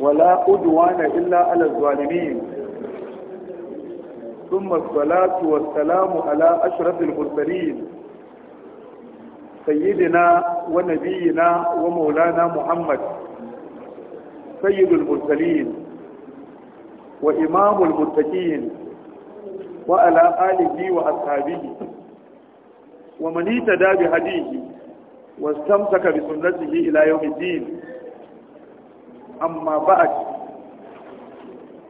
ولا أدوان إلا على الظالمين ثم الصلاة والسلام على أشرف المرسلين سيدنا ونبينا ومولانا محمد سيد المرسلين وإمام المتقين وعلى آله وأصحابه ومن اهتدى بهديه واستمسك بسنته إلى يوم الدين أما بعد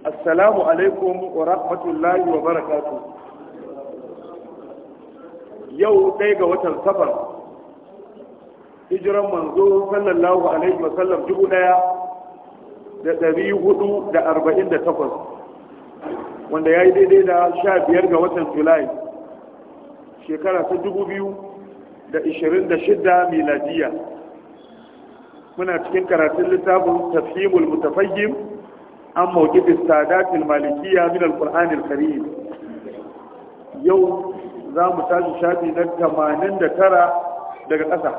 السلام عليكم ورحمة الله وبركاته يوم ديغة وتنسفر hijiran manzo sallallahu alaihi wasallam dubu daya da dari hudu da arba'in da takwas wanda ya yi daidai da sha biyar ga watan julai shekara ta dubu biyu da 26 miladiya muna cikin karatun littafin tafhimul mutafayyim an mawqif istadatil malikiyya min al-qur'an al-karim yau zamu tashi shafi na 89 daga ƙasa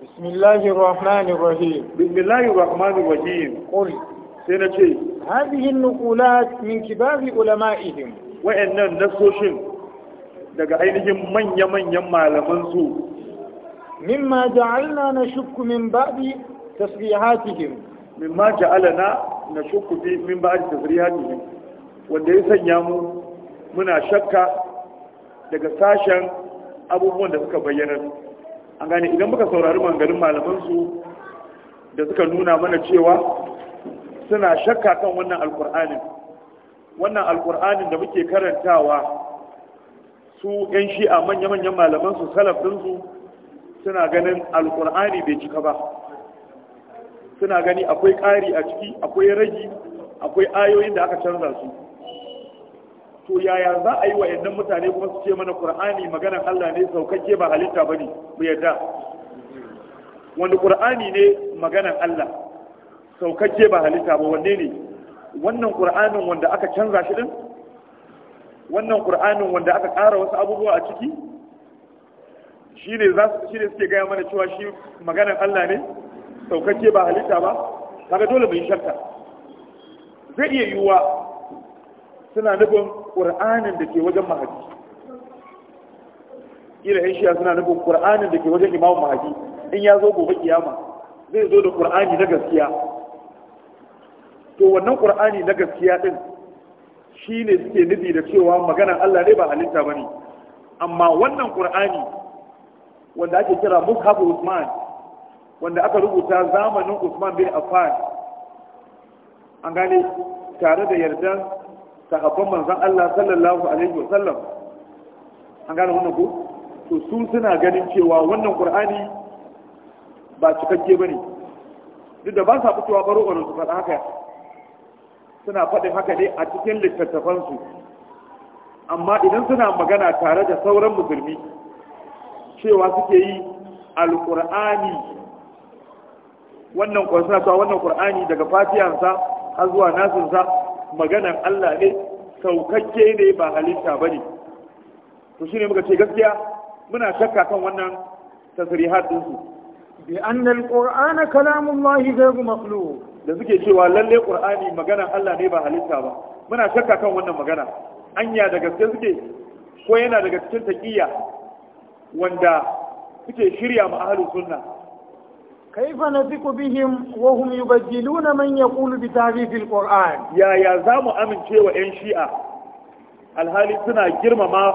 bismillahir rahmanir rahim bismillahir rahmanir rahim qul sai na ce hadhihi an-nuqulat min kibar ulama'ihim wa'annan nasoshin daga ainihin manya-manyan malaman su مما جعلنا نشك من بعد تسبيحاتهم مما جعلنا نشك من بعد تسبيحاتهم wanda ya sanya mu muna shakka daga sashen abubuwan da suka bayyana an gane idan muka saurari manganin malamansu da suka nuna mana cewa suna shakka kan wannan alkur'anin wannan alkur'anin da muke karantawa su 'yan shi'a manya-manyan malamansu salaf ɗinsu suna ganin alkur'ani bai cika ba suna gani akwai ƙari a ciki akwai ragi akwai ayoyin da aka canza su to yaya za a yi wa yannan mutane kuma su ce mana ƙur'ani maganar allah ne saukakke ba halitta ba ne mu yadda. wanda ƙur'ani ne maganar allah saukakke ba halitta ba wanne ne wannan ƙur'anin wanda aka canza shi din wannan ƙur'anin wanda aka ƙara wasu abubuwa a ciki shi ne za su shi ne suke gaya mana cewa shi maganar Allah ne saukake ba halitta ba kaga dole mai shakka zai iya yiwuwa suna nufin ƙur'anin da ke wajen mahadi ira yan shiya suna nufin ƙur'anin da ke wajen imamu mahadi in ya zo gobe kiyama zai zo da ƙur'ani na gaskiya to wannan ƙur'ani na gaskiya din shi ne suke nufi da cewa maganar Allah ne ba halitta ba ne amma wannan ƙur'ani wanda ake kira mushafu usman wanda aka rubuta zamanin usman bin affan an gane tare da yardan sahabban manzon Allah sallallahu alaihi wasallam an gane wannan ko to su suna ganin cewa wannan qur'ani ba cikakke bane duk da ba sa fitowa baro baro su faɗa haka suna faɗin haka ne a cikin littattafansu amma idan suna magana tare da sauran musulmi cewa suke yi alkur'ani wannan kwansa ta wannan Kur'ani daga fatiyansa har zuwa nasinsa maganan Allah ne saukakke ne ba halitta ba ne. to shi ne muka ce gaskiya muna shakka kan wannan tasrihat din su bi anna alqur'ana kalamullahi ghayru makhluq da suke cewa lalle qur'ani magana Allah ne ba halitta ba muna shakka kan wannan magana anya da gaske suke ko yana daga cikin taƙiyya wanda suke shirya ma sunna kaifa nathiqu bihim wa hum yubaddiluna man yaqulu bi tahrif alquran ya ya zamu amincewa yan shi'a alhali suna girmama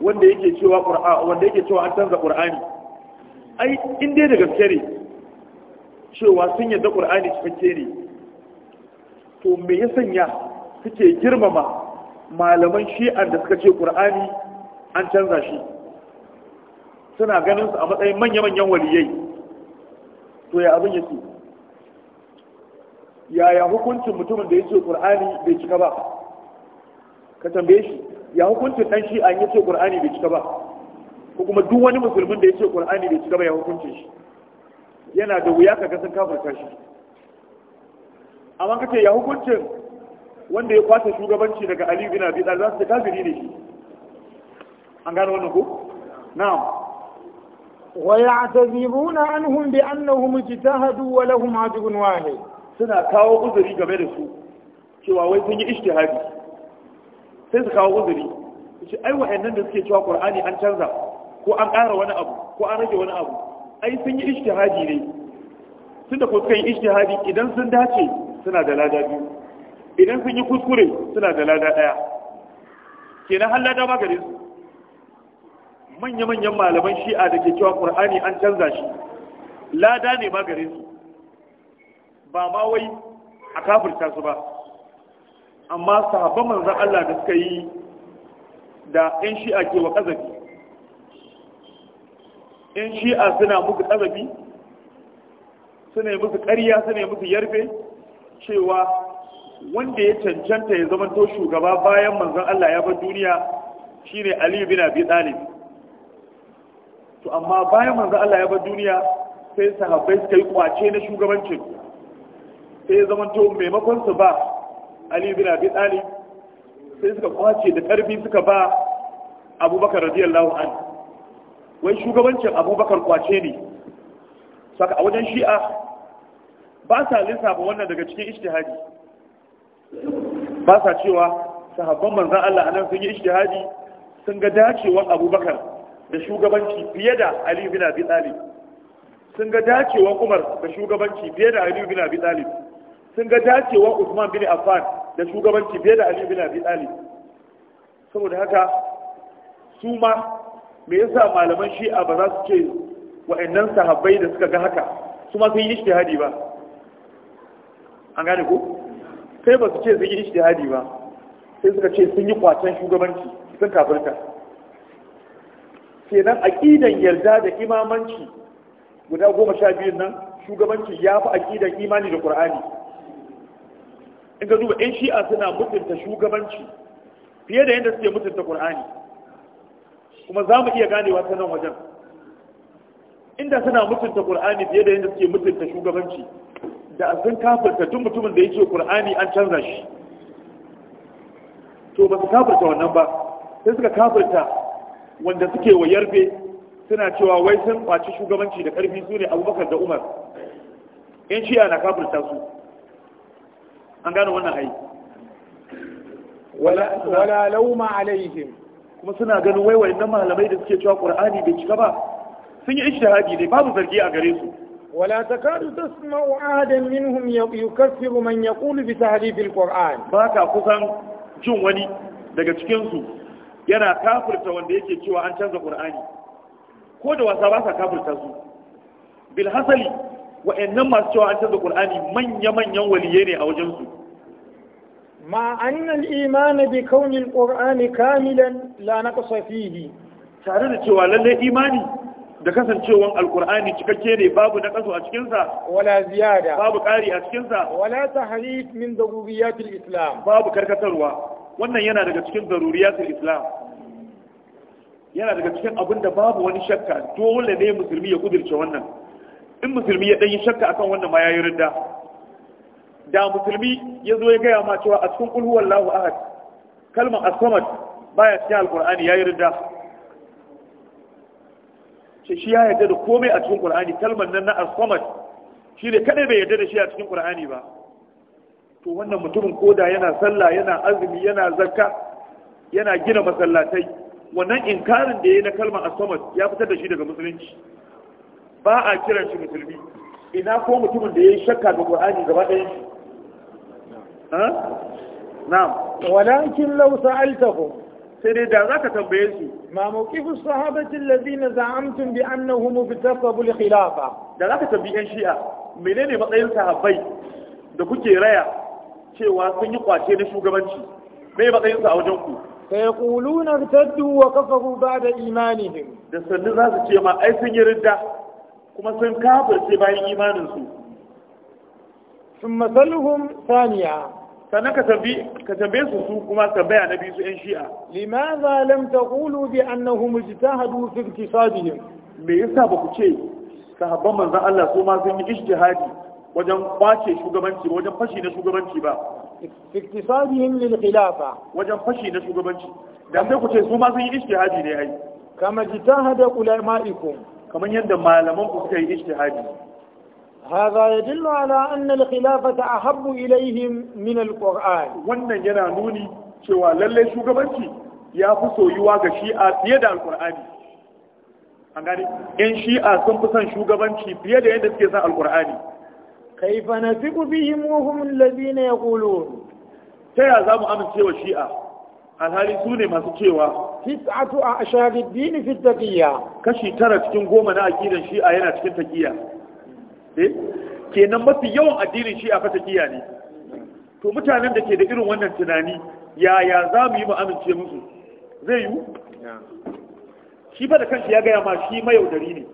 wanda yake cewa qur'an wanda yake cewa an canza qur'ani ai in dai da gaske ne cewa sun yadda qur'ani cikakke ne to me ya sanya suke girmama malaman shi'a da suka ce qur'ani an canza shi suna ganin su a matsayin manya-manyan waliyai to ya abin yake yaya hukuncin mutumin da ya ce ƙur'ani bai cika ba ka tambaye shi ya hukuncin ɗan shi an ya ce ƙur'ani bai cika ba ko kuma duk wani musulmin da ya ce ƙur'ani bai cika ba ya hukuncin shi yana da wuya ka ga sun ka shi amma ce ya hukuncin wanda ya kwace shugabanci daga Ali bin Abi Talib za su kafiri ne shi an gano wannan ko na'am ويعتذرون عنهم بأنهم اجتهدوا ولهم أجر واحد suna kawo uzuri game da su cewa wai sun yi ijtihadi sai su kawo uzuri shi ai wa'annan da suke cewa Qur'ani an canza ko an ƙara wani abu ko an rage wani abu ai sun yi ijtihadi ne tunda ko suka yi ijtihadi idan sun dace suna da lada biyu idan sun yi kuskure suna da lada daya kenan har lada ma manya-manyan malaman shi'a da ke cewa ƙur'ani an canza shi lada ne ma gare su ba ma wai a kafirta su ba amma sahabban manzan Allah da suka yi da 'yan shi'a ke wa ƙazafi 'yan shi'a suna muku ƙazafi suna yi musu ƙarya suna yi musu yarfe cewa wanda ya cancanta ya zamanto shugaba bayan manzan Allah ya bar duniya shine Aliyu bin Abi Talib to amma bayan manzo Allah ya bar duniya sai sahabbai suka yi kwace na shugabancin sai ya zamanto maimakon su ba Ali bin Abi Talib sai suka kwace da karfi suka ba Abubakar radiyallahu anhu. wai shugabancin Abubakar kwace ne saka a wajen Shi'a ba sa lissafa wannan daga cikin ijtihadi ba sa cewa sahabban manzon Allah anan sun yi ijtihadi sun ga dacewar Abubakar da shugabanci fiye da Ali bin Abi Talib sun ga dacewa Umar da shugabanci fiye da Ali bin Abi Talib sun ga dacewa Usman bin Affan da shugabanci fiye da Ali bin Abi Talib saboda haka su ma me yasa malaman Shi'a ba za su ce wa'annan sahabbai da suka ga haka su ma sun yi ijtihadi ba an gane ko sai ba su ce sun yi ijtihadi ba sai suka ce sun yi kwacen shugabanci sun kafirta kenan aƙidan yarda da imamanci guda goma sha biyun nan shugabanci ya fi aƙidan imani da ƙur'ani. in ka duba in shi'a suna mutunta shugabanci fiye da yadda suke mutunta ƙur'ani. kuma za mu iya ganewa ta nan wajen inda suna mutunta ƙur'ani fiye da yadda suke mutunta shugabanci da sun kafirta duk mutumin da yake ƙur'ani an canza shi to ba su kafirta wannan ba sai suka kafirta wanda suke wa yarbe suna cewa wai sun kwaci shugabanci da karfi su ne abubakar da umar yan shiya na kafirta su an gano wannan hai wala lauma alaihim kuma suna ganin wai wayannan malamai da suke cewa qur'ani bai cika ba sun yi ishtihadi ne babu zargi a gare su Wala ولا تكاد تسمع أحدا منهم يكفر من يقول بتحريف القرآن باكا كسان jin wani daga cikin su yana kafirta wanda yake cewa an canza qur'ani ko da wasa ba sa kafirta su bil wa'annan masu cewa an canza Kur'ani manya manyan waliyai ne a wajen su ma annal imani bi kaunil qur'ani kamilan la naqsa fihi tare da cewa lallai imani da kasancewan alƙur'ani cikakke ne babu na kaso a cikinsa wala ziyada babu ƙari a cikinsa wala tahrif min daruriyatil islam babu karkatarwa wannan yana daga cikin daruriyatul islam yana daga cikin abin da babu wani shakka dole ne musulmi ya kudirce wannan in musulmi ya yi shakka akan wannan ma ya yi ridda da musulmi ya zo ya gaya ma cewa a cikin kulhu wallahu ahad kalmar asamad baya cikin alkur'ani ya yi ridda ce shi ya yarda da komai a cikin qur'ani kalmar nan na asamad shi ne kadai bai yarda da shi a cikin qur'ani ba to wannan mutumin koda yana sallah yana azumi yana zakka yana gina masallatai wannan inkarin da ya yi na kalmar asamad ya fitar da shi daga musulunci ba a kiran shi musulmi ina ko mutumin da ya yi shakka ga qur'ani gaba ɗaya shi na'am walakin law sa'altahu sai dai da zaka tambaye su ma mawqifu sahabati alladhina za'amtum bi annahum ibtasabu al-khilafa da zaka tambaye a. menene matsayin sahabbai da kuke raya cewa sun yi kwace na shugabanci me matsayin sa a wajen ku sayaquluna irtaddu wa kafaru ba'da imanihim da sannu za su ce ma ai sun yi ridda kuma sun kafirce bayan imanin su thumma salhum thaniya sannan ka tambi ka tambaye su su kuma tambaya na biyu su yan shi'a limadha lam taqulu bi annahum ijtahadu fi iktisadihim me yasa ba ku ce sahabban manzon Allah su ma sun yi ijtihadi wajen kwace shugabanci ba wajen fashi na shugabanci ba iktisabihim lil khilafa wajen fashi na shugabanci dan sai ku ce su ma sun yi ijtihadi ne ai kama jitahada ulama'ikum kaman yadda malaman ku suka yi ijtihadi هذا يدل على أن الخلافة أحب إليهم من القرآن wannan yana nuni cewa lalle shugabanci ya fi soyuwa ga shi'a fiye da alqur'ani an gani yan shi'a sun fi son shugabanci fiye da yadda suke son alqur'ani kaifa na fi ƙufi yi muhimmin labi na ya ƙulo ta yi za mu amincewa shi'a alhali su ne masu cewa fitatu a shahararriki ne fitakiyya kashi tara cikin goma na akidan shi'a yana cikin takiyya ke Kenan mafi yawan addinin shi'a fa takiyya ne to mutanen da ke da irin wannan tunani yaya za mu yi mu amince musu zai yi shi fa da kanshi ya gaya ma shi mayaudari ne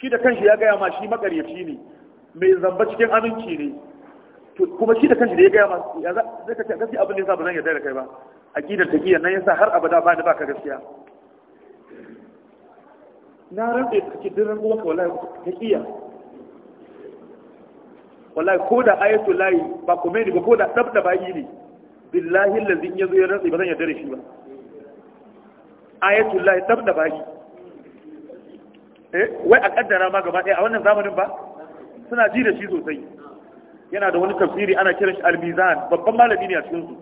shi da kanshi ya gaya ma shi makaryaci ne mai zamba cikin aminci ne kuma shi da kanshi da ya gaya masu ya zai kace gaskiya abin da yasa ba zan yarda da kai ba aqidar giya nan yasa har abada ba ni baka gaskiya na rabe kake diran uwa ka wallahi taqiyya wallahi ko da ayatu lahi ba kuma ne ba ko da dabda ba yi ne billahi allazi in yazo ya rantsi ba zan yarda da shi ba ayatu lahi dabda ba yi eh wai a kaddara ma gaba ɗaya a wannan zamanin ba suna ji da shi sosai yana da wani tafsiri ana kiran shi albizan. babban malami ne a cikin su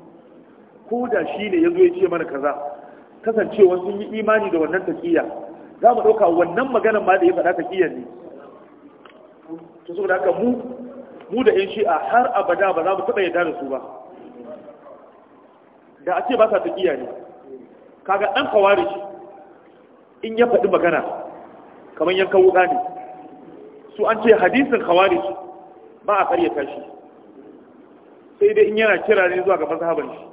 ko da shi ne yazo ya ce mana kaza kasancewa sun yi imani da wannan taqiya za mu dauka wannan maganar ma da ya fada taqiya ne to saboda haka mu mu da yan shi'a har abada ba za mu taba yarda da su ba da a ce ba sa taqiya ne kaga dan kawari in ya faɗi magana kamar yankan wuka ne su an ce hadisin khawarij ba a karyata shi sai dai in yana kira ne zuwa ga mazhaban shi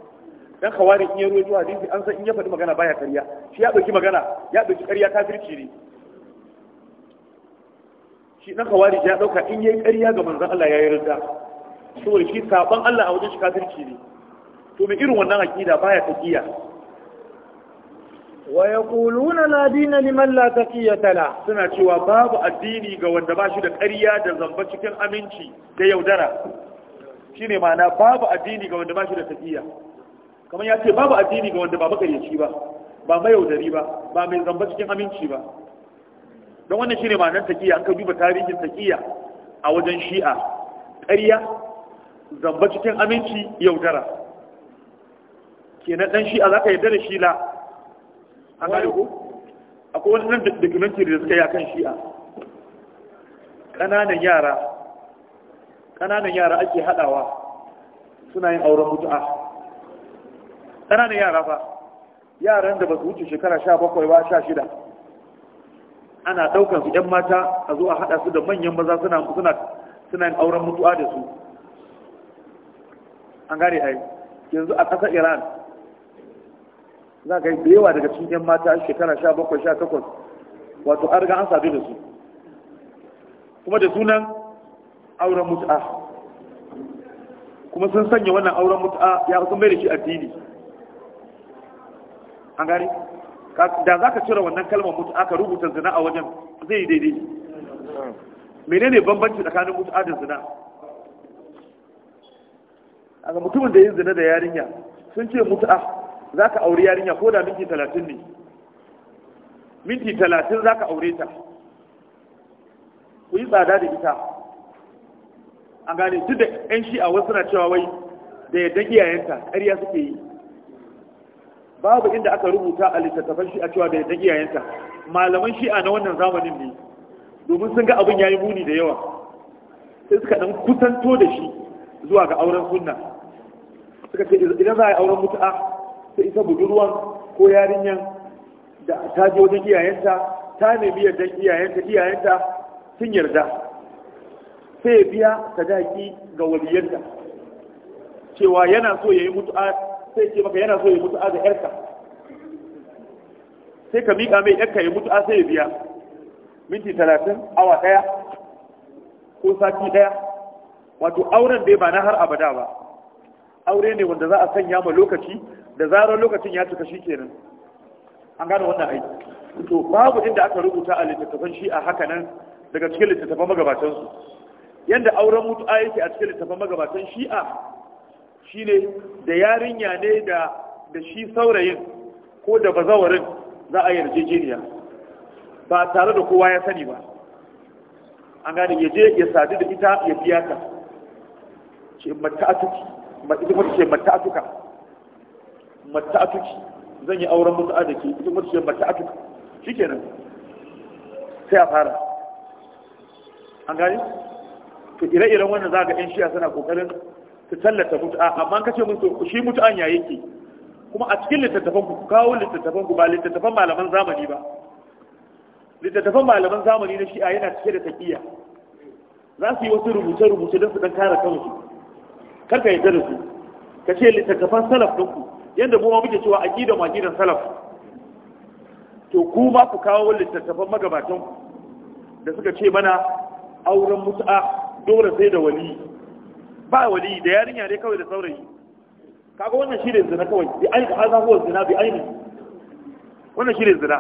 dan khawarij in ya zuwa hadisi an san in ya faɗi magana baya karya shi ya ɗauki magana ya ɗauki karya kafirci ne shi dan khawarij ya ɗauka in yayi karya ga manzon Allah ya yarda saboda shi saban Allah a wajen shi kafirci ne to me irin wannan aqida baya taqiya wa yaquluna na dina liman lataki ya tala suna cewa babu addini ga wanda ba shi da ƙarya da zamba cikin aminci da yaudara Shi ne ma'ana babu addini ga wanda ba shi da tafiya. kamar ya ce babu addini ga wanda ba makaryaci ba ba mai yaudari ba ba mai zamba cikin aminci ba don wannan shi ne ma'anar tafiya an ka duba tarihin tafiya a wajen shi'a ƙarya zamba cikin aminci yaudara kenan ɗan shi'a za ka yarda da shi la an gane ko akwai wani nan documentary da suka yi a kan shi'a ƙananan yara ƙananan yara ake haɗawa suna yin auren mutu'a ƙananan yara fa yaran da ba su wuce shekara sha bakwai ba sha shida ana ɗaukar su 'yan mata a zo a haɗa su da manyan maza suna yin auren mutu'a da su an gane ai yanzu a ƙasar iran za ka yi da yawa daga cikin yan mata shekara sha bakwai sha takwas wato an riga an sadu da su kuma da sunan auren mut'a kuma sun sanya wannan auren mut'a ya sun mai da shi addini an gani da za ka cire wannan kalmar mut'a ka rubuta zina a wajen zai yi daidai menene bambanci tsakanin mut'a da zina a ga mutumin da yin zina da yarinya sun ce mut'a za ka aure yarinya ko da minti talatin ne minti talatin za ka aure ta ku yi tsada da ita an gane duk da 'yan shi a wasu na cewa wai da yadda iyayenta ƙarya suke yi babu inda aka rubuta a littattafan shi a cewa da yadda iyayenta malaman shi'a na wannan zamanin ne domin sun ga abin ya yi muni da yawa sai suka ɗan kusanto da shi zuwa ga auren sunna suka ce idan za a yi auren mutu'a ta isa budurwan ko yarinyan da ta je wajen iyayenta ta nemi yardan iyayenta iyayenta sun yarda sai ya biya sadaki ga waliyarta. cewa yana so ya yi mutu'a sai ce maka yana so ya yi mutu'a da yarka sai ka miƙa mai yarka ya mutu'a sai ya biya minti talatin awa ɗaya ko sati ɗaya wato auren bai ba na har abada ba aure ne wanda za a sanya ma lokaci da zarar lokacin ya cika shi kenan an gano wannan aiki to babu inda aka rubuta a littattafan shi a haka nan daga cikin littattafan magabatansu yadda auren mutu'a yake a cikin littattafan magabatan shi'a shine da yarinya ne da da shi saurayin ko da bazawarin za a yarjejeniya ba tare da kowa ya sani ba an gane ya je ya sadu da ita ya biya ta ce mata atuka mata'atuki zan yi auren musu da ke ita mutu ce mata'atuki nan, sai a fara an gani to ire-iren wannan za ga 'yan shiya suna kokarin ta tallata mutu'a amma ka ce mutu shi mutu'an ya yake kuma a cikin littattafan ku kawo littattafan ku ba littattafan malaman zamani ba littattafan malaman zamani na shi'a yana cike da taƙiyya za su yi wasu rubuce-rubuce don su dan kare kansu kar ka yi da su ka ce littattafan salaf ɗinku yadda mu ma muke cewa aqida mu aqidan salaf to ku ma ku kawo littattafan magabatan da suka ce mana auren mutu'a dole sai da wali ba wali da yarinya ne kawai da saurayi kaga wannan shi ne zina kawai bi ainihi haza huwa zina bi ainihi wannan shi ne zina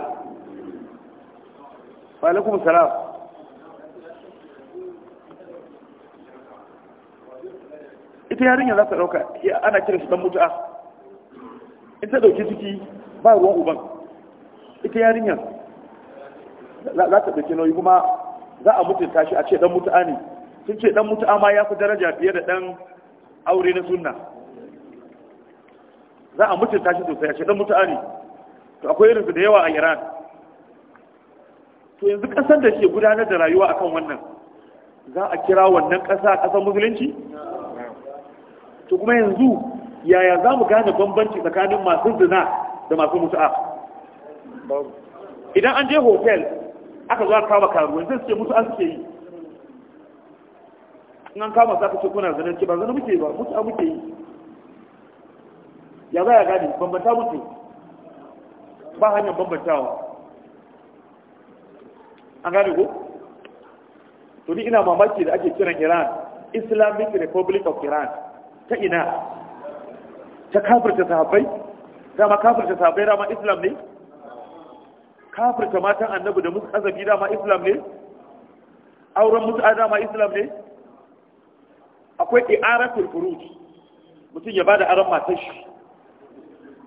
wa alaikum salam ita yarinya za ta dauka ana kira shi dan mutu'a in ta dauki ciki ba ruwan uban ita yarinya. za ta dauki nauyi kuma za a mutu tashi a ce dan mutu'a ne sun ce dan mutu'a ma ya fi daraja fiye da dan aure na sunna za a mutu shi sosai a ce dan mutu'a ne to akwai su da yawa a iran to yanzu kasar da ke gudanar da rayuwa akan wannan za a kira wannan kasa kasar musulunci to kuma yanzu yaya za mu gane bambanci tsakanin masu zina da masu mutu'a idan an je hotel aka zo kama karuwa zai suke mutu'a suke yi in an kama za ka ce kuna zanen ce ba zanen muke ba mutu'a muke yi ya za ya gane bambanta mutu ba hanyar bambantawa an gane ko? to ni ina mamaki da ake kiran iran islamic republic of iran ta ina ta kafirta sahabbai dama kafirta sahabbai dama islam ne kafirta matan annabi da musu azabi dama islam ne auren musu dama islam ne akwai i'aratul furuj mutum ya bada aran matar shi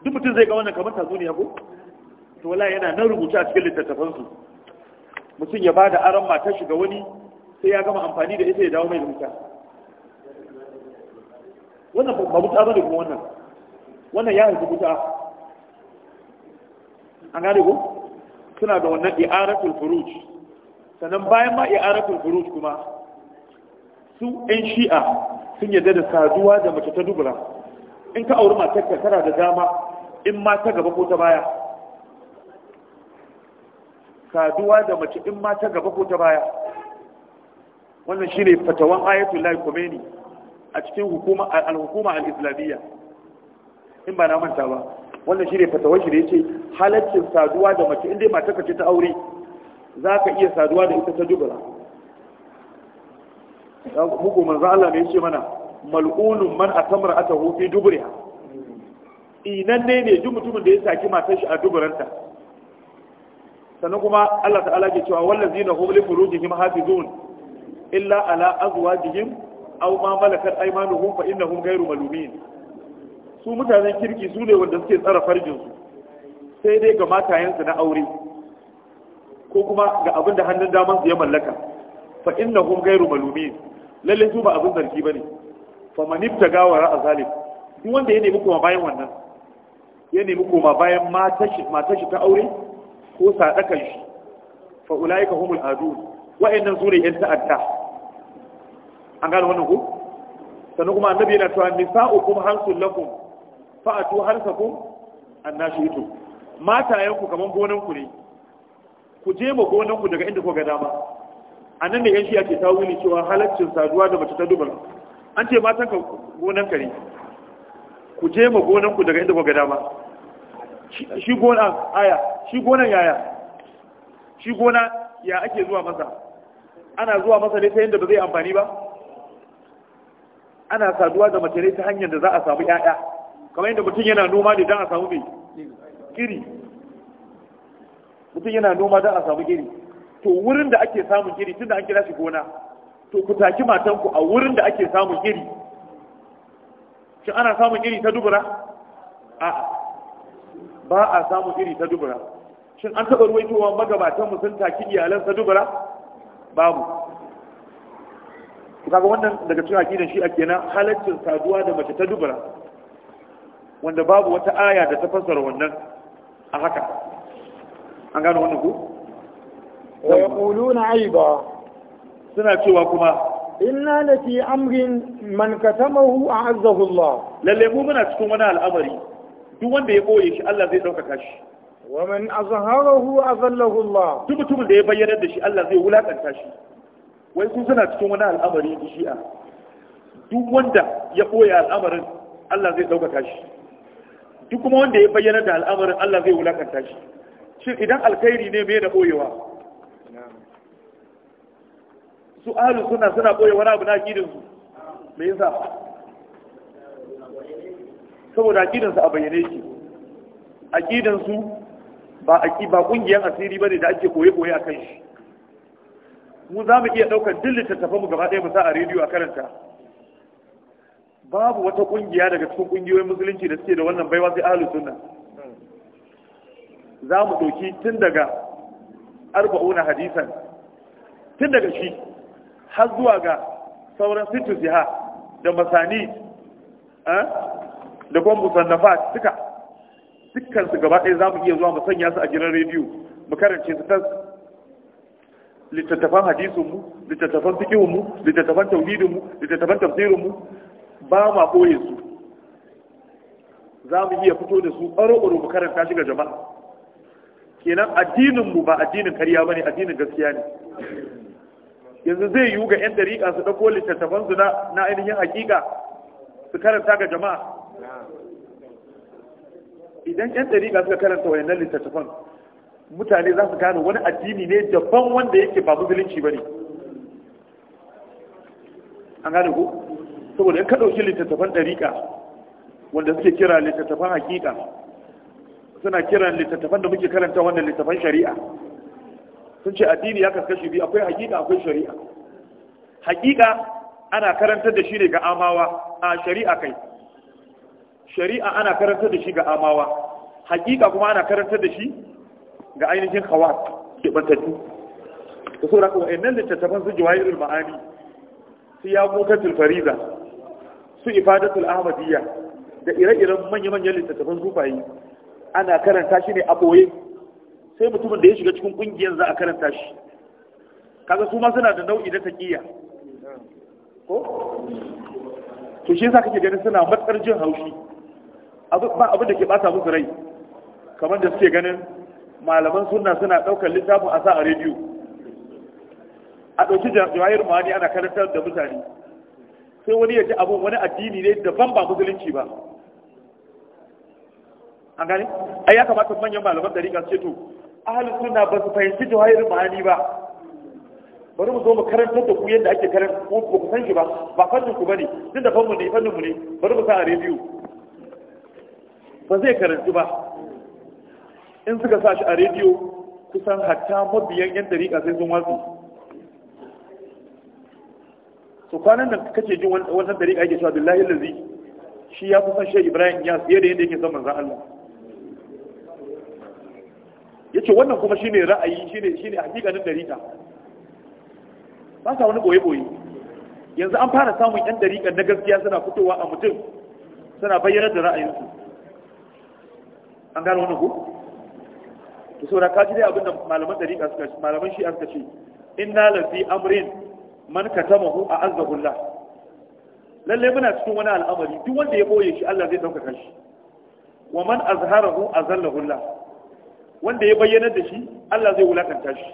duk mutum zai ga wannan kamar tatsuniya ko to wala yana nan rubuta a cikin littattafan su mutum ya bada aran matar shi ga wani sai ya gama amfani da ita ya dawo mai rubuta wannan babu tsaro da kuma wannan wannan ya haifi bid'a an gane ku suna da wannan i'aratul furuj sannan bayan ma i'aratul furuj kuma su ɗan shi'a sun yadda da saduwa da mace ta dubura in ka auri matar ka tara da dama in ma ta gaba ko ta baya saduwa da mace in ma ta gaba ko ta baya wannan shine fatawan ayatul lahi khomeini a cikin hukuma al-hukuma al-islamiyya in ba na manta ba wannan shi ne fatawar shi da ya ce halaccin saduwa da mace inda ma ta kace ta aure za ka iya saduwa da ita ta dubura muku manzo Allah ne ya ce mana mal'unun man atamra atahu fi dubriha inan ne ne duk mutumin da ya saki matar shi a duburanta sannan kuma Allah ta'ala ke cewa wallazina hum li furujihim hafizun illa ala azwajihim aw ma malakat aymanuhum fa innahum ghayru malumin su mutanen kirki su ne wanda suke tsara farjinsu sai dai ga matayensu na aure ko kuma ga abin da hannun daman su ya mallaka fa innahum gairu malumi lalle su ba abin zargi bane fa manifta ibtaga wa ra'a zalim duk wanda ya nemi koma bayan wannan ya nemi koma bayan matashi shi ta aure ko sadakan shi fa ulaika humul adun wa'annan sune yan ta'adda an gano wannan ko sannan kuma annabi yana cewa nisa'ukum hansul lakum fa'atu harsakum annashitu matayen ku kaman gonan ku ne ku je ma gonan ku daga inda ku ga dama anan ne yan shi ake tawili cewa halaccin saduwa da mace ta dubar an ce matan ka gonan ka ne ku je ma gonan ku daga inda ku ga dama shi gona aya shi gonan yaya shi gona ya ake zuwa masa ana zuwa masa ne ta yadda ba zai amfani ba ana saduwa da mace ne ta hanyar da za a samu 'ya'ya kamar yadda mutum yana noma ne don a samu mai iri mutum yana noma don a samu iri to wurin da ake samun iri da an kira shi gona to ku taki matanku a wurin da ake samun iri shin ana samun iri ta dubura a ba a samun iri ta dubura shin an taɓa ruwaitowa mu sun taki ta dubura babu kaga wannan daga cikin akidan shi ake na halaccin saduwa da mace ta dubura wanda babu wata aya da ta fassara wannan a haka an gano wannan ku wa yaquluna aiba suna cewa kuma inna la amrin man katamahu a'azzahu Allah lalle mu muna cikin wani al'amari duk wanda ya boye shi Allah zai dauka shi wa man azharahu azallahu Allah duk mutumin da ya bayyana da shi Allah zai wulakanta shi wai sun suna cikin wani al'amari da shi'a duk wanda ya boye al'amarin Allah zai dauka shi duk kuma wanda ya bayyana da al'amarin Allah zai wulakanta shi shin idan alkhairi ne me da boyewa su ahlus sunna suna boye wani abu na a su me yasa saboda akidin su a bayyane shi akidin su ba aki ba kungiyan asiri bane da ake koye koye akan shi mu za mu iya daukar dillin tattafa mu gaba ɗaya mu sa a rediyo a karanta babu wata kungiya daga cikin kungiyoyin musulunci da suke da wannan baiwa sai ahlus sunna za mu ɗauki tun daga arba'una hadisan tun daga shi har zuwa ga sauran sittu siha da masani eh, da kuma musannafa suka dukkan su gaba ɗaya za mu iya zuwa mu sanya su a gidan rediyo mu karance su tas littattafan hadisunmu, littattafan fikihunmu littattafan tauhidunmu littattafan tafsirinmu ba ma ɓoye su za mu iya fito da su ɓaro-ɓaro mu karanta shi ga jama'a kenan addinin mu ba addinin karya ba ne addinin gaskiya ne yanzu zai yiwu ga 'yan dariƙa su ɗauko littattafan su na ainihin hakika su karanta ga jama'a idan 'yan dariƙa suka karanta wayannan littattafan mutane za su gane wani addini ne daban wanda yake ba musulunci ba ne an gane ku saboda in ka ɗauki littattafan ɗariƙa wanda suke kira littattafan hakika suna kira littattafan da muke karanta wannan littattafan shari'a sun ce addini ya kaskashi biyu akwai hakika akwai shari'a hakika ana karantar da shi ne ga amawa a shari'a kai shari'a ana karantar da shi ga amawa hakika kuma ana karantar da shi ga ainihin hawa ke bantattu da sauraka wa'annan littattafan su jawahirul ma'ani su ya mutar tilfariza su ifadatul ahmadiyya da ire-iren manya-manyan littattafan zufayi ana karanta shi ne a ɓoye sai mutumin da ya shiga cikin ƙungiyar za a karanta shi kaga su ma suna da nau'i na taƙiyya ko to shi yasa kake ganin suna matsar jin haushi ba abin da ke ɓata musu rai kamar da suke ganin malaman sunna suna ɗaukar littafin a sa a rediyo a ɗauki jawahir ma'ani ana karantar da mutane sai wani ya ji abun wani addini ne daban ba musulunci ba an gani ai ya kamata manyan malaman dariƙa ce to ahalin suna ba su fahimci jawahirin ma'ani ba bari mu zo mu karanta da ku yadda ake karanta ko ku san shi ba ba fannin ku bane tunda fannin ne fannin mu ne bari mu sa a rediyo ba zai karanta ba in suka sa shi a rediyo kusan hatta mabiyan yan dariƙa sai sun watsu to kwanan nan kake jin wannan dariƙa yake cewa billahi lazi shi ya kusan shi Ibrahim ya fiye da yadda yake son manzon Allah yace wannan kuma shine ra'ayi shine shine hakikanin dariƙa ba sa wani boye boye yanzu an fara samun yan dariƙa na gaskiya suna fitowa a mutum suna bayyana da ra'ayinsu an gano wannan ko to saboda ka ji dai abinda malaman dariƙa suka malaman shi'a suka ce inna lafi amrin man katamahu a azzahullah lalle muna cikin wani al'amari duk wanda ya boye shi Allah zai ɗaukaka shi wa man azharahu azallahullah wanda ya bayyana da shi Allah zai wulakanta shi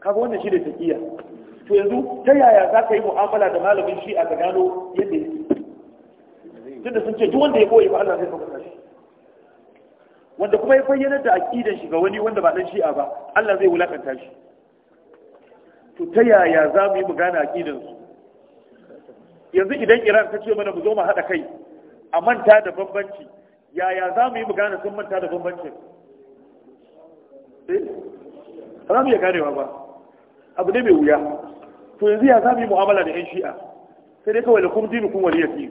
kaga wannan shi da takiya to yanzu ta yaya za ka yi mu'amala da malamin shi a gano yadda yake tunda sun ce duk wanda ya boye ba Allah zai sauka shi wanda kuma ya bayyana da aqidan shi ga wani wanda ba dan shi'a ba Allah zai wulakanta shi to ta yaya za mu yi mu gane aƙidansu yanzu idan iran ta ce mana mu zo mu haɗa kai a manta da bambanci yaya za mu yi mu gane sun manta da bambancin eh za mu iya ganewa ba abu ne mai wuya to yanzu ya za mu yi mu'amala da 'yan shi'a sai dai kawai da kuma dini wani ya fi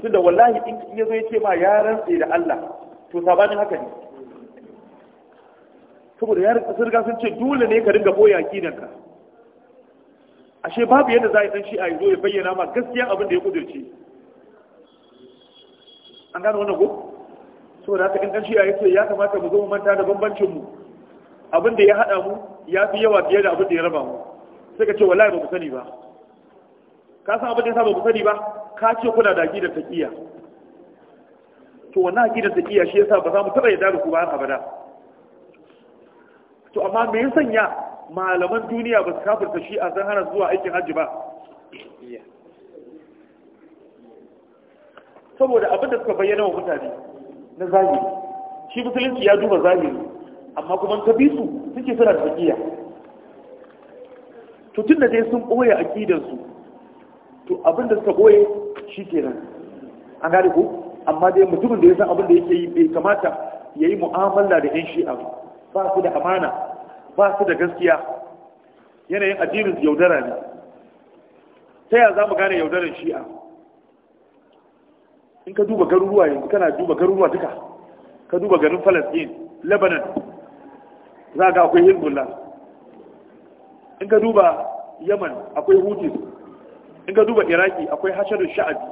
tunda wallahi in ya zo ya ce ma ya rantse da Allah to sabanin haka ne saboda ya sun riga sun ce dole ne ka dinga boya aqidan ka ashe babu yadda za a yi dan shi a yi zo ya bayyana ma gaskiya abin da ya kudirce an gano wannan ko saboda haka in dan shi a yace ya kamata mu zo mu manta da bambancin mu abin da ya hada mu ya fi yawa fiye da abin da ya raba mu sai ka ce wallahi ba ku sani ba ka san abin da ya sa ba ku sani ba ka ce kuna da aqidar taqiyya to wannan aqidar taqiyya shi yasa ba za mu taba yarda da ku ba har abada to amma me ya sanya malaman duniya ba su kafirta shi a san hana zuwa aikin hajji ba saboda abin da suka bayyana wa mutane na zahiri shi musulunci ya duba zahiri amma kuma ta bi su suke suna da tsakiya. to tun da dai sun ɓoye akidansu to abin da suka ɓoye shi kenan an gane ko amma dai mutumin da ya san abin da yake yi bai kamata ya yi mu'amala da 'yan shi'a ba ba su da amana ba su da gaskiya yanayin addinin yaudara ne ta yaya za mu gane yaudarar shi'a in ka duba garuruwa yanzu kana duba garuruwa duka ka duba garin falasdin lebanon za ga akwai hezbollah in ka duba yaman akwai hutis in ka duba iraki akwai hasharin sha'adi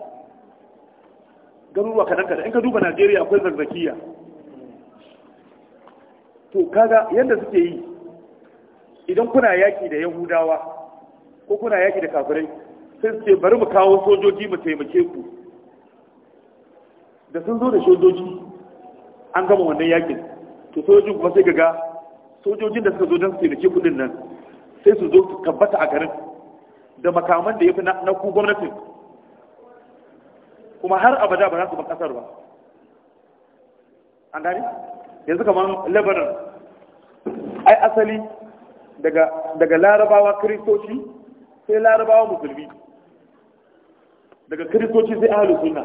garuruwa kadan kadan in ka duba najeriya akwai zarzakiya to kaga yadda suke yi idan kuna yaki da yahudawa ko kuna yaki da kafirai sai su ce bari mu kawo sojoji mu taimake ku da sun zo da sojoji an gama wannan yakin to sojojin kuma sai ga sojojin da suka zo don su taimake kudin nan sai su zo su tabbata a garin da makaman da ya fi na ku gwamnatin kuma har abada ba za su ban kasar ba an gani yanzu kamar lebanon ai asali daga larabawa kiristoci sai larabawa musulmi daga kiristoci sai ahalu suna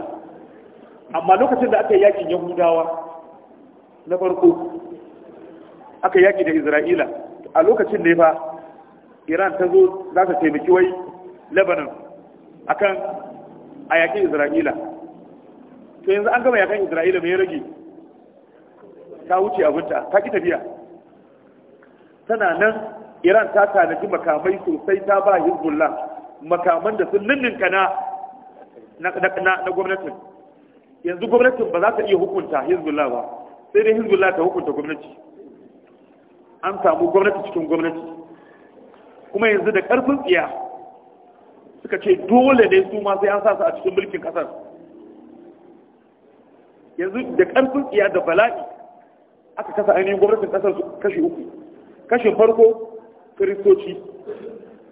amma lokacin da aka yi yakin yahudawa na farko aka yaki da isra'ila a lokacin ne fa iran ta zo za ta taimaki wai lebanon akan a yakin isra'ila to yanzu an gama yakan isra'ila mai rage ta wuce abinta ta ki tafiya tana nan iran ta tanaji makamai sosai ta ba hezbollah makaman da sun ninninka na na gwamnatin yanzu gwamnatin ba za ta iya hukunta hezbollah ba sai dai hezbollah ta hukunta gwamnati an samu gwamnati cikin gwamnati kuma yanzu da karfin tsiya suka ce dole ne su ma sai an sa su a cikin mulkin kasar yanzu da karfin tsiya da bala'i aka kasa ainihin gwamnatin kasar kashi uku kashin farko kiristoci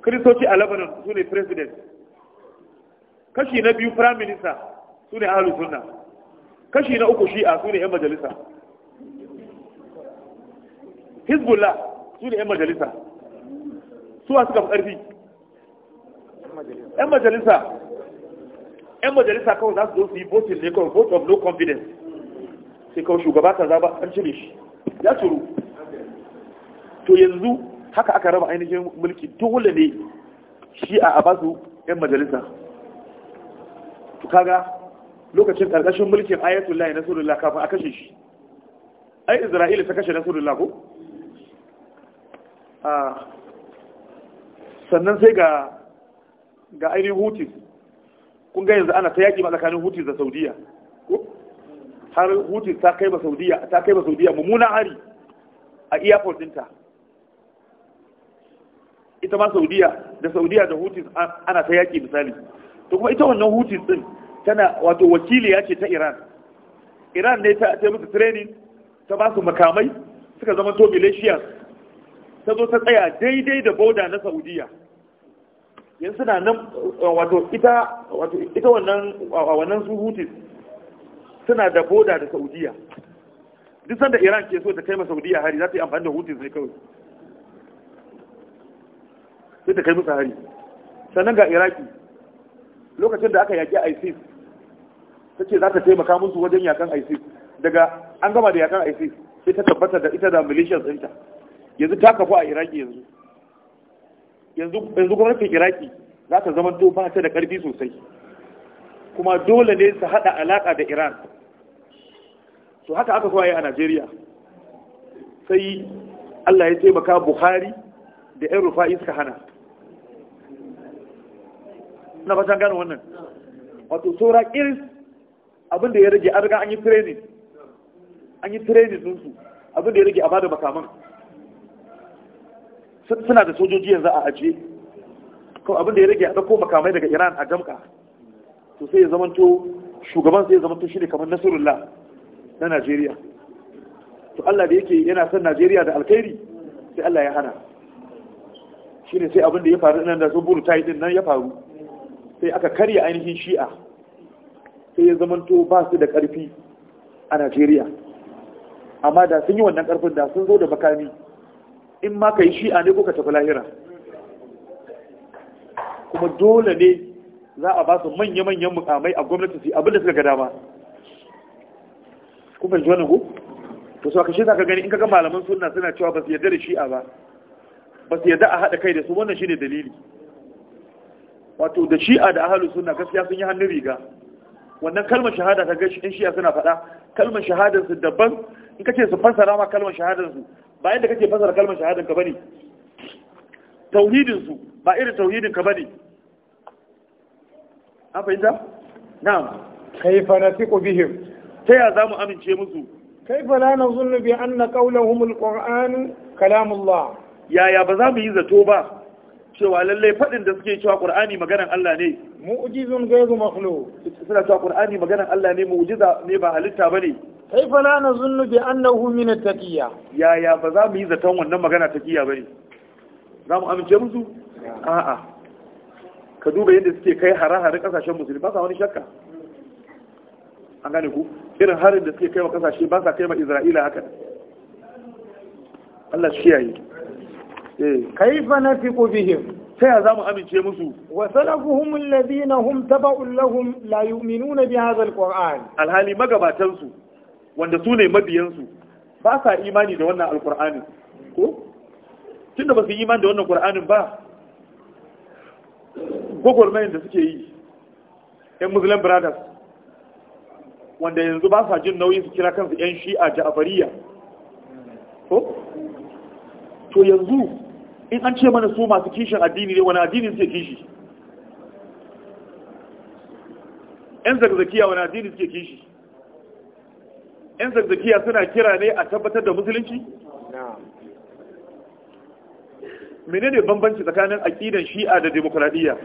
kiristoci a lebanon su ne president kashi na biyu prime minister su ne ahalu sunna kashi na uku shi'a su ne 'yan majalisa hezbollah su ne 'yan majalisa suwa suka fi ƙarfi 'yan majalisa 'yan majalisa kawai za su zo su yi voting ne kawai vote of no confidence sai kawai shugaba ka zaba an cire shi ya turu to yanzu haka aka raba ainihin mulki dole ne shi a abasu yan majalisa to kaga lokacin karkashin mulkin ayatullahi nasrullah kafin a kashe shi ai isra'ila ta kashe nasrullah ko a ah, sannan sai ga ga ainihin hutis kun ga yanzu ana ta yaki tsakanin hutis da saudiya har hutun ta kai ba saudiya ta kai ba saudiya mummunan hari a airport dinta ita ma saudiya da saudiya da hutun ana ta yaƙi misali to kuma ita wannan hutun din tana wato wakiliya ce ta iran iran ne ta ta musu training ta ba su makamai suka zama to militias ta zo ta tsaya daidai da boda na saudiya yanzu na nan wato ita wato ita wannan wannan su hutun suna da boda da saudiya duk sanda iran ke so ta kai ma saudiya hari za ta yi amfani da hutun sai kawai sai ta kai musu hari sannan ga iraki lokacin da aka yaƙi isis ta ce za ta taimaka musu wajen yakan isis daga an gama da yakan isis sai ta tabbatar da ita da milishiyar tsinta yanzu ta kafu a iraki yanzu yanzu gwamnatin iraki za ta zama to ba ta da ƙarfi sosai kuma dole ne su hada alaka da iran to haka aka kwaye a nigeria sai allah ya taimaka buhari da yan rufa'i suka hana na fatan gano wannan wato saura abinda ya rage an an yi training an yi training ɗinsu abinda ya rage a bada makaman suna da sojoji yanzu a ajiye kawai abinda ya rage a dauko makamai daga iran a jamka to sai ya zamanto shugaban sai ya zamanto shi ne kamar nasarullah na najeriya to allah da yake yana son najeriya da alkhairi sai allah ya hana shi ne sai abin da ya faru nan da zuburu ta yi din nan ya faru sai aka karya ainihin shi'a sai ya zamanto ba su da karfi a najeriya amma da sun yi wannan karfin da sun zo da makami in ma ka yi shi'a ne ko ka tafi lahira kuma dole ne za a ba su manya-manyan mukamai a gwamnati su abinda suka ga dama ku fahimci wannan ku to su aka shi zaka gani in kaga malaman sunna suna cewa ba su yarda da shi'a ba ba su yarda a haɗa kai da su wannan shine dalili wato da shi'a da ahlus sunna gaskiya sun yi hannun riga wannan kalmar shahada ta gashi in shi'a suna faɗa kalmar shahadar su daban in kace su fassara ma kalmar shahadar su ba yadda kake fassara kalmar shahadar ka bane tauhidin su ba irin tauhidin ka bane an fahimta na'am kaifa nasiqu bihim ta ya zamu amince musu kaifa la nazunnu bi anna qawluhum kalamun kalamullah yaya ba za mu yi zato ba cewa lallai faɗin da suke cewa Qur'ani maganan Allah ne mu'jizun ghayru makhluq suna cewa Qur'ani maganan Allah ne mu'jiza ne ba halitta bane kaifa na nazunnu bi annahu min at-taqiyya ya ya ba za mu yi zaton wannan magana ba ne? za mu amince musu a'a ka duba yadda suke kai hare-hare kasashen musulmi ba sa wani shakka an gane ku irin harin da suke kai wa kasashe ba sa kai ma isra'ila haka Allah shi yayi eh. kaifa fi bihim ta ya zamu amince musu wa salafuhum alladhina hum taba'un lahum la yu'minuna bi hadha alquran alhali magabatan su wanda su ne mabiyan su ba sa imani da wannan alqur'ani ko tunda ba su imani da wannan qur'anin ba gwagwarmayin da suke yi yan muslim brothers wanda yanzu ba sa jin nauyin su kira kansu yan shi'a ja'afariya ko to yanzu in an ce mana su masu kishin addini ne wani addini suke kishi yan zarzakiya wani addini suke kishi yan zarzakiya suna kira ne a tabbatar da musulunci menene bambanci tsakanin aƙidan shi'a da demokradiyya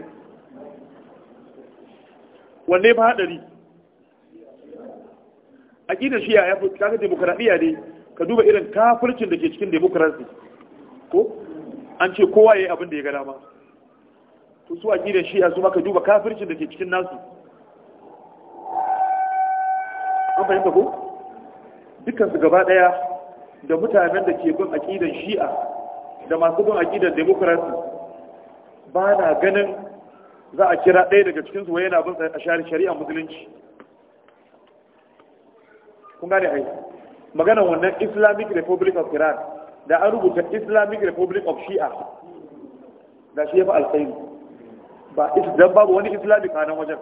wanne ba haɗari da shi ya fi kaga demokradiyya ne ka duba irin kafircin da ke cikin demokrasi ko an ce kowa ya yi abin da ya gada ma to su da shi ya su ka duba kafircin da ke cikin nasu an fahimta ko dukkan su gaba ɗaya da mutanen da ke bin aƙidar shi'a da masu bin aƙidar demokrasi ba na ganin za a kira ɗaya daga cikin su yana bin a shari'a musulunci kun gane ai magana wannan islamic republic of iran da an rubuta islamic republic of shi'a da shi ya fi alkhairi ba don babu wani islamic a nan wajen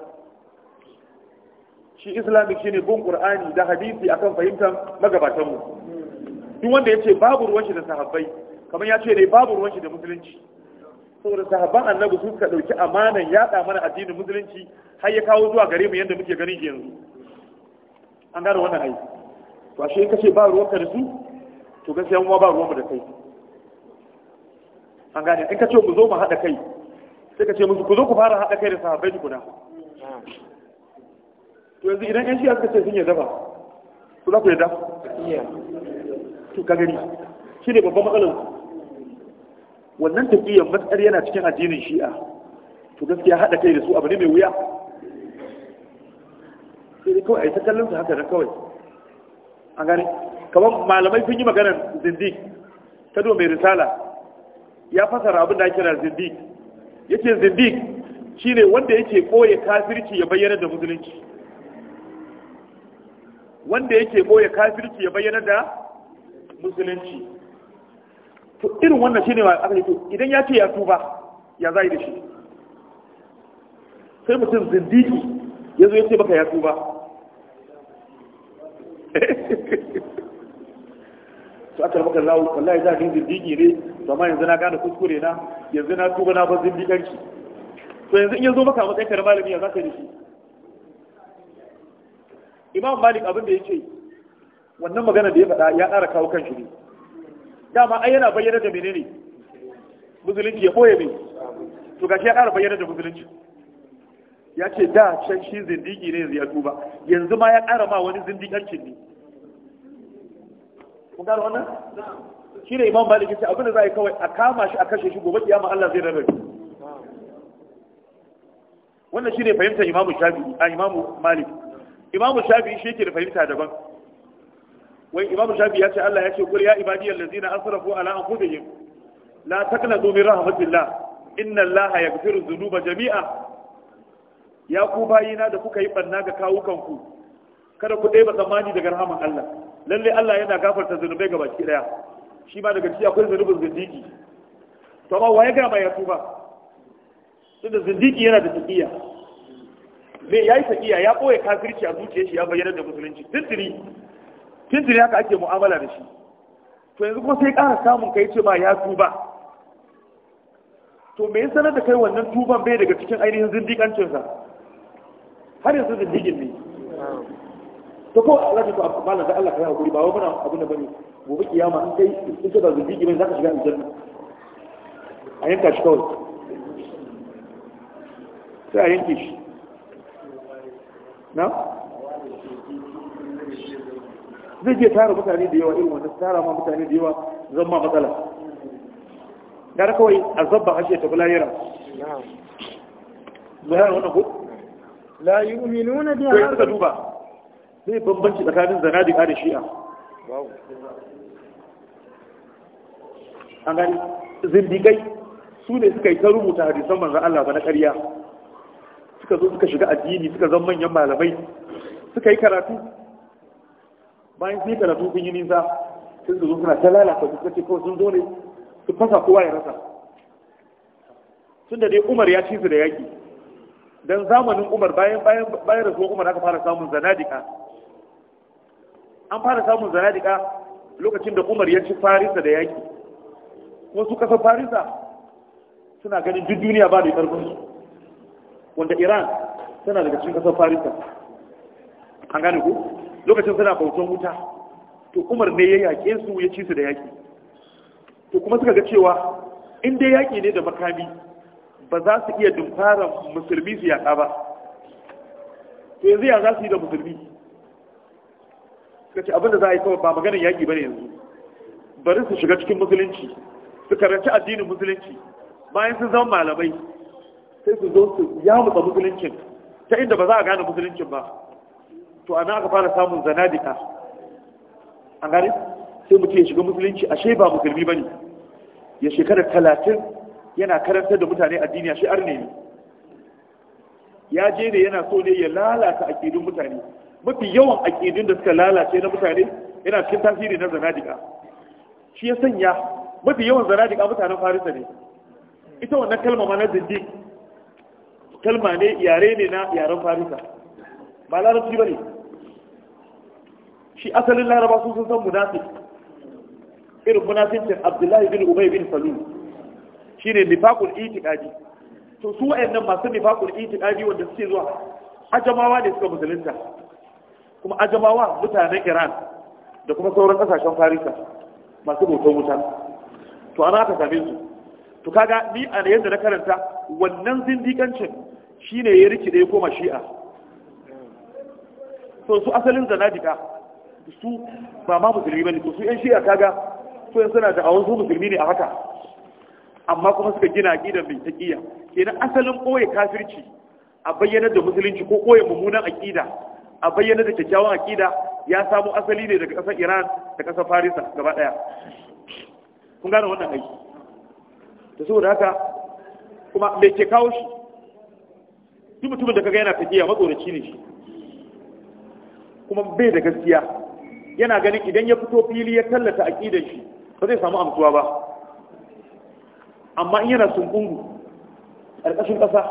shi islamic shine bin ƙur'ani da hadisi akan fahimtar magabatanmu duk wanda ya ce babu ruwan shi da sahabbai kamar ya ce ne babu ruwan shi da musulunci saboda sahabban annabi sun ka dauki amanan yada mana addinin musulunci har ya kawo zuwa gare mu yadda muke ganin yanzu an gane wannan aiki to ashe kace ba ruwanka da su to gaskiya mu ba ruwanmu da kai an gane in kace ku zo mu hada kai sai kace musu ku zo ku fara hada kai da sahabbai tukuna to yanzu idan yan shi'a suka ce sun yarda ba ku za ku yarda to ka gani shi ne babban matsalar wannan tafiyan matsar yana cikin addinin shi'a to gaskiya haɗa kai da su abu ne mai wuya sai dai kawai a yi ta kallon su haka da kawai an gane kamar malamai sun yi maganar zindik kado mai risala ya fasa rabu da ake kira zindik yace zindik shine wanda yake koye kafirci ya bayyana da musulunci wanda yake boye kafirci ya bayyana da musulunci to irin wannan shine ma aka to idan ya ce ya tuba ya zai da shi sai mutum zindiki ya zo ya ce baka ya tuba to aka baka lawo wallahi za ka yi zindiki ne to amma yanzu na gane kuskure na yanzu na tuba na ba zindikanci to yanzu in ya zo maka matsayin kar malami ya za ka da shi imam malik abin da ya ce wannan magana da ya faɗa ya ƙara kawo kan shi ne dama ai yana bayyana da menene musulunci ya boye mai to gashi ya ƙara bayyana da musulunci ya ce da can shi zindiki ne ya tuba yanzu ma ya ƙara ma wani zindikancin ne kun gano wannan shi ne imam malik ce abin da za a yi kawai a kama shi a kashe shi gobe kiyama Allah zai rarrabe wannan shi ne fahimtar imamu shafi'i a imamu malik imamu shafi'i shi yake da fahimta daban wai imamu shafi ya ce Allah ya ce kuri ya ibadiyal ladina asrafu ala anfusihim la taqnatu min rahmatillah inna Allah yaghfiru dhunuba jami'a ya ku bayina da kuka yi banna ga kawukanku kada ku ba tsammani daga rahaman Allah lalle Allah yana gafarta zunubai ga baki daya shi ma daga ciki akwai zunubin zindiki to amma waye ga mai tuba tunda zindiki yana da taqiya me yayi tafiya ya koya kafirci a zuciyar shi ya bayyana da musulunci tuntuni. ya haka ake mu'amala da shi to yanzu ko sai ƙara samun kai ce ma ya tuba to me sanar da kai wannan tuban bai daga cikin ainihin zindiƙancinsa har yanzu zindiƙin ne to ko Allah ta abu malam da Allah ka yi hakuri ba wa muna abin da bane gobe kiyama an kai in ka ba zindiƙi bane zaka shiga aljanna a yanka shi kawai sai a yanke shi na zai je tara mutane da yawa irin wanda tara ma mutane da yawa zan ma matsala gara kawai a zabba ashe tafi layira zuwa wannan ku la yu'minuna bi hadha duba zai bambanci tsakanin zanadiqa da shi'a an gani zindigai su ne suka yi ta rubuta hadisan manzan Allah ba na ƙarya suka zo suka shiga addini suka zan manyan malamai suka yi karatu bayan sun yi karatu sun yi nisa sun zo suna ta lalata su ce kawai sun zo ne su fasa kowa ya rasa tun da dai umar ya ci su da yaƙi don zamanin umar bayan bayan bayan rasuwa umar aka fara samun zanadika an fara samun zanadika lokacin da umar ya ci farisa da yaƙi wasu kasar farisa suna ganin duk duniya ba da ƙarfin wanda iran suna daga cikin kasar farisa an gane ku lokacin suna bautan wuta to umar ne ya yaƙe su ya ci su da yaƙi to kuma suka ga cewa in dai yaƙi ne da makami ba za su iya dumfara musulmi su yaƙa ba to yanzu ya za su yi da musulmi suka abinda za a yi kawai ba maganin yaƙi ba ne yanzu bari su shiga cikin musulunci su karanci addinin musulunci bayan sun zama malamai sai su zo su yamutsa musuluncin ta inda ba za a gane musuluncin ba to ana aka fara samun zanadika an gane sai mutum ya shiga musulunci ashe ba musulmi ne. ya shekarar talatin yana karantar da mutane duniya shi arne ne ya je ne yana so ne ya lalata aƙidun mutane mafi yawan aƙidun da suka lalace na mutane yana cikin tasiri na zanadika shi ya sanya mafi yawan zanadika mutanen farisa ne ita wannan kalma ma na zindik kalma ne yare ne na yaren farisa ba larabci ba ne shi asalin laraba sun san munafik irin munafikin abdullahi bin ubay bin salul shine nifaqul itiqadi to su wayannan masu nifaqul itiqadi wanda suke zuwa ajamawa ne suka musulunta kuma ajamawa mutanen iran da kuma sauran kasashen farisa masu bautan wuta to ana aka same su to kaga ni a na yadda na karanta wannan zindikancin shine ya rikide koma shi'a to su asalin zanadika su ba ma musulmi bane to su yan shi'a kaga su yan suna da a su musulmi ne a haka amma kuma suka gina mai ta taqiya kenan asalin koye kafirci a bayyana da musulunci ko koye mummunan aqida a bayyana da kyakkyawan aqida ya samu asali ne daga kasar Iran da kasar Farisa gaba daya kun gane wannan aiki Da saboda haka kuma me ke kawo shi duk mutumin da kaga yana tafiya matsoraci ne shi kuma bai da gaskiya yana ganin idan ya fito fili ya tallata aqidan shi ba zai samu amsuwa ba amma in yana sunkungu ƙarƙashin ƙasa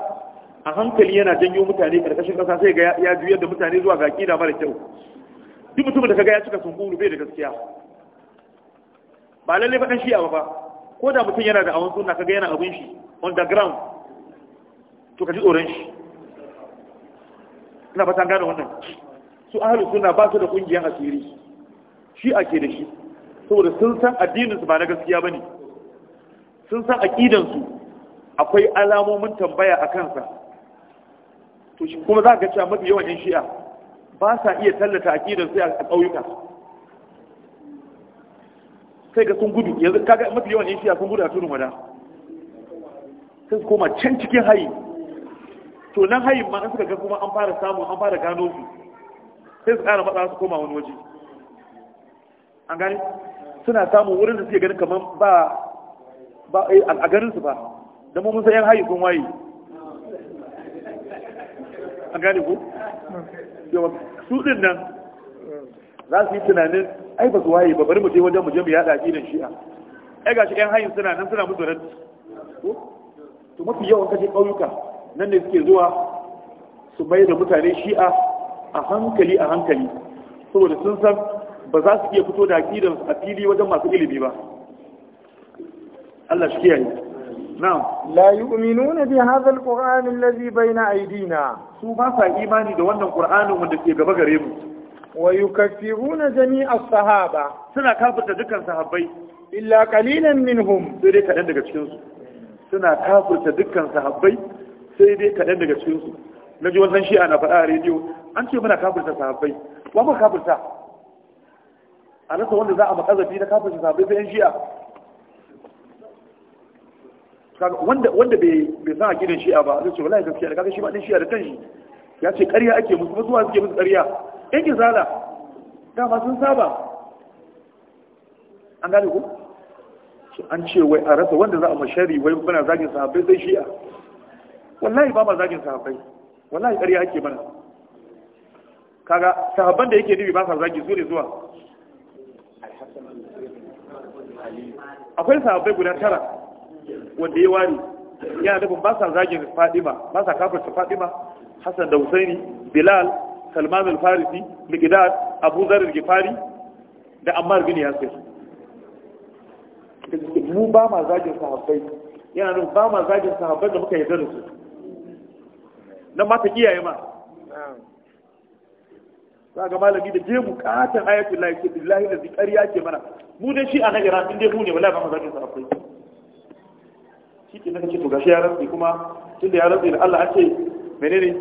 a hankali yana janyo mutane ƙarƙashin ƙasa sai ga ya juyar da mutane zuwa ga aqida mara kyau duk mutumin da kaga ya cika sunkungu bai da gaskiya ba lalle faɗin shi ba ko da mutum yana da awon sunna kaga yana abin shi on the ground to ka ji tsoron shi ina fata gane wannan su ahalu suna ba su da kungiyar asiri shi ake da shi saboda sun san addininsu ba na gaskiya ba ne sun san aƙidansu akwai alamomin tambaya a kansa to shi kuma za ka cewa mafi yawan 'yan shi'a ba sa iya tallata aƙidansu a ƙauyuka sai ga sun gudu yanzu kaga mafi yawan 'yan shi'a sun gudu a turin wada sai su koma can cikin hayi to nan hayin ma an suka ga kuma an fara samu an fara gano su sai su ƙara matsa su koma wani waje an gani suna samun wurin da suke ganin kamar ba ba eh, a ganin su ba da mun san yan hayi sun waye an gane ku yawa su din nan za su yi tunanin ai ba su waye ba bari mu je wajen mu je mu yada shi'a ai gashi yan hayin suna nan suna musu ko to mafi yawan kaje kauyuka nan ne suke zuwa su mai da mutane shi'a a hankali a hankali saboda sun san ba za su iya fito da akidar a fili wajen masu ilimi ba Allah shi kiyaye na'am la yu'minuna bi hadha alquran alladhi bayna aydina su ba sa imani da wannan qur'anin wanda ke gaba gare mu wa yukaffiruna jami'a sahaba suna kafirta dukkan sahabbai illa qalilan minhum sai dai kadan daga cikin su suna kafirta dukkan sahabbai sai dai kadan daga cikin su naji wannan shi'a na faɗa a rediyo an ce muna kafirta sahabbai wa ba kafirta a nasa wanda za a makazafi na kafin shi sabai sai shi'a wanda wanda bai sa a gidan shi'a ba zai ce wallahi gaskiya da kaga shi ma din shi'a da shi ya ce ƙarya ake musu ba zuwa suke musu ƙarya ki zala dama sun saba an gane ku an ce wai a rasa wanda za a mashari wai muna zagin sahabbai sai shi'a wallahi ba ma zagin sahabbai wallahi ƙarya ake mana kaga sahabban da yake nufi ba sa zagi su ne zuwa akwai sahabbai guda tara wanda ya wari, yana dafa ba sa zagin fadima ba sa kafarta fadima hassan da husaini bilal salman al-farisi liqdad abu zar gifari da ammar bin yasir mu ba ma zagin sahabbai yana nufin ba ma zagin sahabbai da muka yarda da su nan ma ta kiyaye ma za ga malami da je bukatan ayatul lahi ke billahi da zikari yake mana mu dai shi a na iran inda mu ne wallahi ba mu zaki sarafai shi ke nake to gashi ya rantsi kuma tunda ya rantsi da Allah an ce menene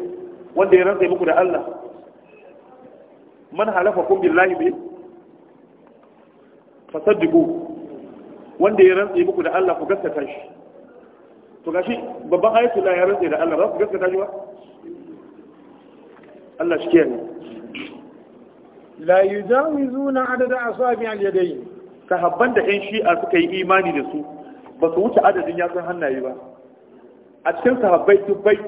wanda ya rantsi muku da Allah man halafa kun billahi bi fasaddiqu wanda ya rantsi muku da Allah ku gaskata shi to gashi babban ayatul lahi ya rantsi da Allah ba ku gaskata shi ba Allah shi ke ne la yujawizuna adada asabi al-yadayn sahabban da ƴan shi'a suka yi imani da su ba su wuce adadin yatsun hannaye ba a cikin sahabbai dubbai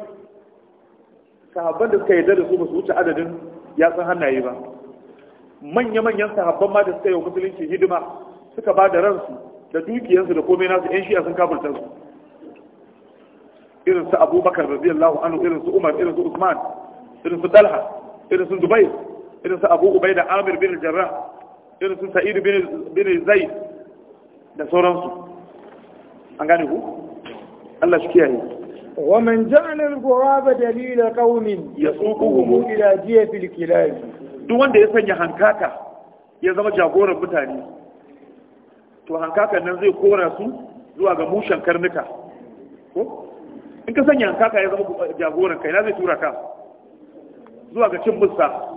sahabban da suka yi da su ba su wuce adadin yatsun hannaye ba manya-manyan sahabban ma da suka yi wa musulunci hidima suka ba da ransu da dukiyansu da komai nasu ƴan shi'a sun kafurta su irin su abubakar radiyallahu anhu irin su umar irin su usman irin su talha irin su dubai irin su abu ubai da amir bin jarra irin su sa'id bin zai da sauransu an gane ku Allah shi kiyaye wa man ja'ala al-ghuraba dalila qaumin yasuquhum ila jiyati al-kilab duk wanda ya sanya hankaka ya zama jagoran mutane to hankakan nan zai kora su zuwa ga mushen karnuka ko in ka sanya hankaka ya zama jagoran kai na zai tura ka zuwa ga cin musa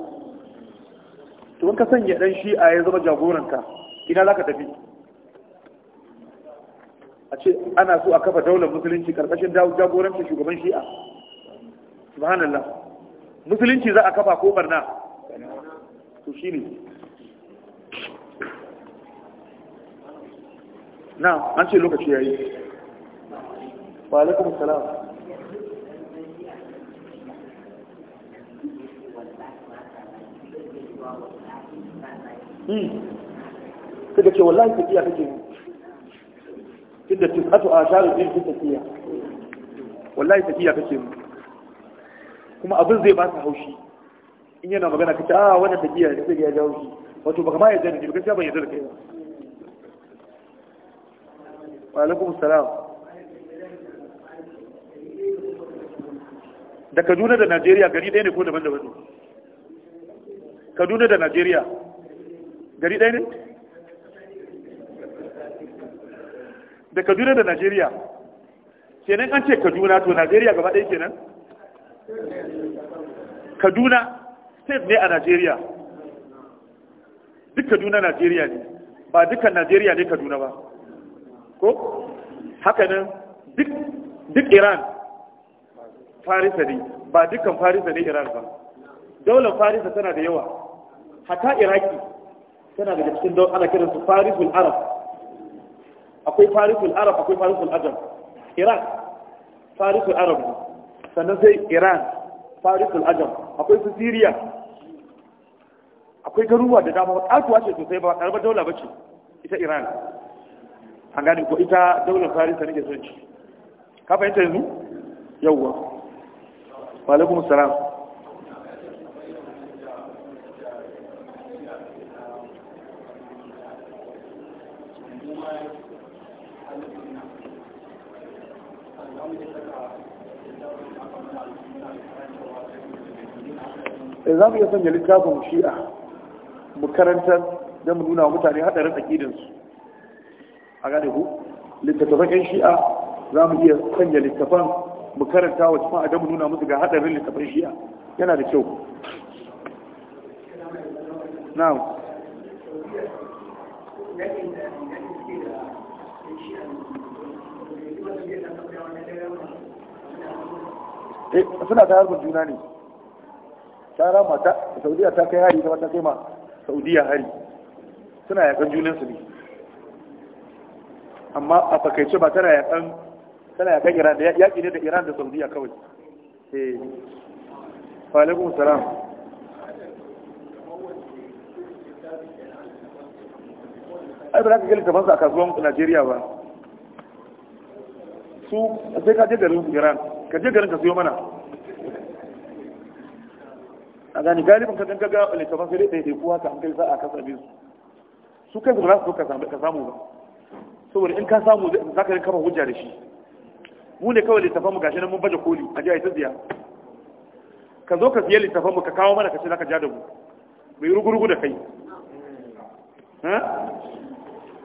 to in ka sanya dan shi'a ya zama jagoranka ina za ka tafi a ce ana so a kafa daular musulunci karkashin jagorancin shugaban shi'a subhanallah musulunci za a kafa ko barna to shi ne na an ce lokaci ya yi wa alaikum salam Hmm. suka ce wallahi tafiya kake yi inda tisatu a sharar din tafiya wallahi tafiya kake mu kuma abin zai ba su haushi in yana magana kace a ah, wannan tafiya da zai ya jawo shi wato baka ma yarda da baka ce ban yarda da kai wa alaikum salam da Kaduna da Najeriya gari ɗaya ne ko daban-daban ne Kaduna da Najeriya gari ɗaya ne da kaduna da najeriya kenan an ce kaduna to najeriya gaba ɗaya kenan kaduna state ne a najeriya duk kaduna najeriya ne ba dukkan najeriya ne kaduna ba ko hakanan duk iran farisa ne ba dukkan farisa ne iran ba daular farisa tana da yawa hata iraki tana daga cikin don ana kiransu farisul arab akwai farisul arab akwai farisul ajam iran farisul arab sannan sai iran farisul ajam akwai su siriya akwai garuruwa da dama katuwa ce sosai ba karbar daula ba ce ita iran an gani ko ita daular farisa nake son ci ka fahimta yanzu yawwa wa alaikum salam kai za mu iya sanya littafin shi'a mu karanta, don mu nuna mutane haɗarin aƙidinsu a gane ku littattafan yan shi'a za mu iya sanya littafan mu karanta wa cikin adamu mu nuna musu ga haɗarin littafan shi'a yana da kyau na'am eh, suna ta harbin juna ne ta rama ta saudiya ta kai hari ta kai ma saudiya hari suna yakan junansu ne amma a fakaice ba tana yakan tana yakan iran da yaƙi ne da iran da saudiya kawai eh falekun salam ai ba za ka gani littafansu a kasuwan najeriya ba su sai ka je garin iran ka je garin ka siyo mana a gani galibin ka ganga a littafan sai dai ɗaiɗai kuwa ka hankali za a kasabe su su kai ba za su ka samu ka samu ba saboda in ka samu za ka kama hujja da shi mu ne kawai littafan mu gashi nan mun baje koli a jiya ita ziya ka zo ka siya littafan mu ka kawo mana ka ce za ka ja da mu bai rugurugu da kai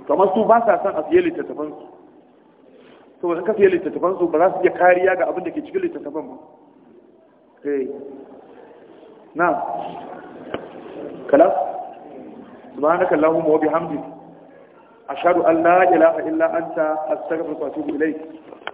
kamar hm? su ba sa son a siya littattafan su saboda in ka siya littattafan su ba za su iya kariya ga abin da ke cikin littattafan ba eh. na'am kalas subhanaka allahumma wa bihamdika ashhadu an la ilaha illa anta astaghfiruka wa